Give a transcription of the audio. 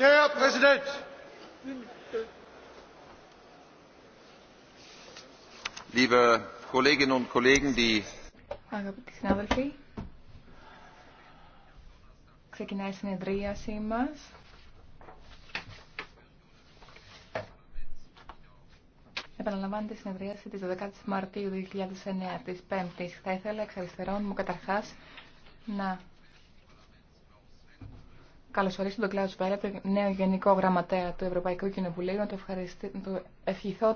Der Präsident! Liebe Kolleginnen und Kollegen, die Αγαπητοί συνάδελφοι, η συνεδρίασή μας. Επαναλαμβάνεται η συνεδρίαση της 12ης Μαρτίου 2009 της 5ης. Θα ήθελα εξ αριστερών μου καταρχάς να καλωσορίσω τον Κλάου Βέρετ, νέο Γενικό Γραμματέα του Ευρωπαϊκού Κοινοβουλίου, να το, ευχαριστη... να το ευχηθώ